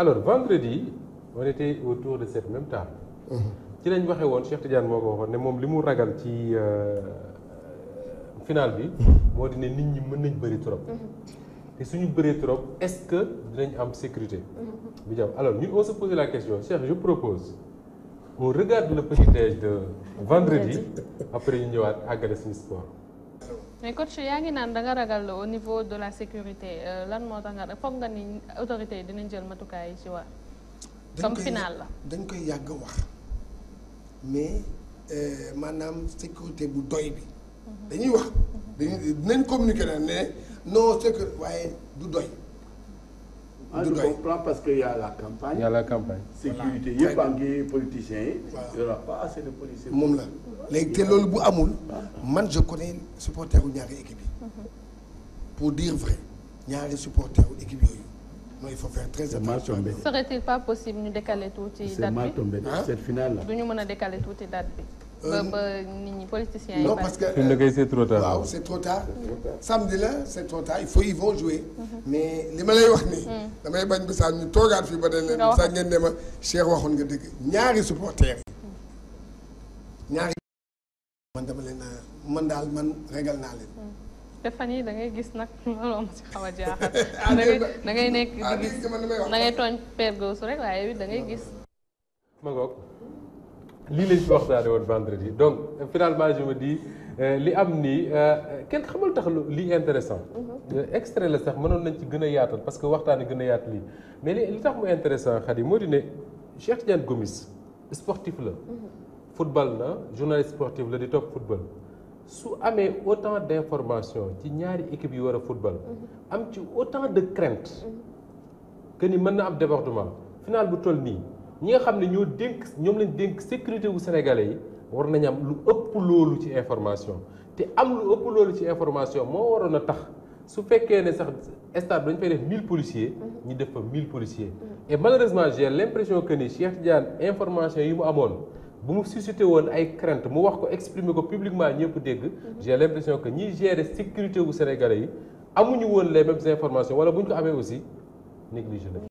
alors vendredi on était autour de cette même temps mhm. ci lañ waxee woon Cheikh Tidiane moo ko waxoon ne moom li mu ragal ci euh, final bi. Mhm. moo di nit ñi mën nañ bëri trop. Mhm. te suñu bëree trop est-ce que dinañ am sécurité. bi jàpp alors ñun on se pose la question Cheikh je propose on regarde le petit déj de vendredi après ñu ñëwaat àggale suñu sport. mais coach yaa ngi naan danga nga ragal au niveau de la sécurité euh, lan moo tax nga foog nga ni autorité yi dinañ jël matukaay ci waa comme final la dañ koy yàgg wax mais euh, maanaam sécurité bu doy bi mhm. dañuy wax dañuy dinañ communiquer la ne non sécurité waaye du doy ah je comprends que y a la campagne. y a la campagne. sécurité yëpp a ngi moom la léegi te loolu bu amul. man je connais supporter wu ñaari équipe yi. Mhm. pour dire vrai ñaari supporter wu équipe yooyu mooy il faut faire très attention. serait-il pas possible ñu décaler tuuti date bi cette finale la. du ñu mën a décaler tuuti date bi. Euh, ba ba nit ñi politiciens yi. non parce que fi mu nekkee euh, c'est trop tard. waaw c'est trop la c'est trop tard il faut ils vont jouer. Mhm. mais li ma lay wax nii. Mhm. damay bañ bi ni ñu toogaat fii ba dañ leen. sax ngeen ne ma Cheikh waxoon nga dëgg ñaari supporters. man dama leen man daal man régal naa leen. Hmm. te fan yii da ngay gis nag looloo ma si xaw a ah, da ngay nekk di ah, gis da tooñ Père rek waaye da ngay gis. ma ngoog lii lañ fi waxtaane woon vendredi donc finalement je me dis euh, li am nii euh, kenn xamul tax lu lii intéressant mhm. euh, extrait la sax manoon nañ ci gën a yaatal parce que waxtaane gën a yaat lii mais li tax mu intéressant xat moo di ne Cheikh Tidiane Gomis sportif la. Mhm. football na journaliste sportif la di topp football su amee autant d' information ci ñaari équipe yi war a football mhm. am ci autant de crainte mhm. que ni mën na am débordement final bu toll nii ñi nga xam ne ñoo dénk ñoom lañ dénk sécurité wu sénégalais yi war nañ am lu ëpp loolu ci information te am lu ëpp loolu ci information moo waroon a tax su fekkee ne sax stade dañ fay def mille policiers mhm. ñu def fa mille policiers et malheureusement j'ai l'impression que ni Cheikh Tidiane information yi mu amoon bu mu suscité woon ay crainte mu wax ko exprimer ko publiquement ñëpp dégg j'ai l'impression que ñiy gérer sécurité wu sénégalais yi amuñu woon les mêmes information wala bu ñu ko amee aussi négligé la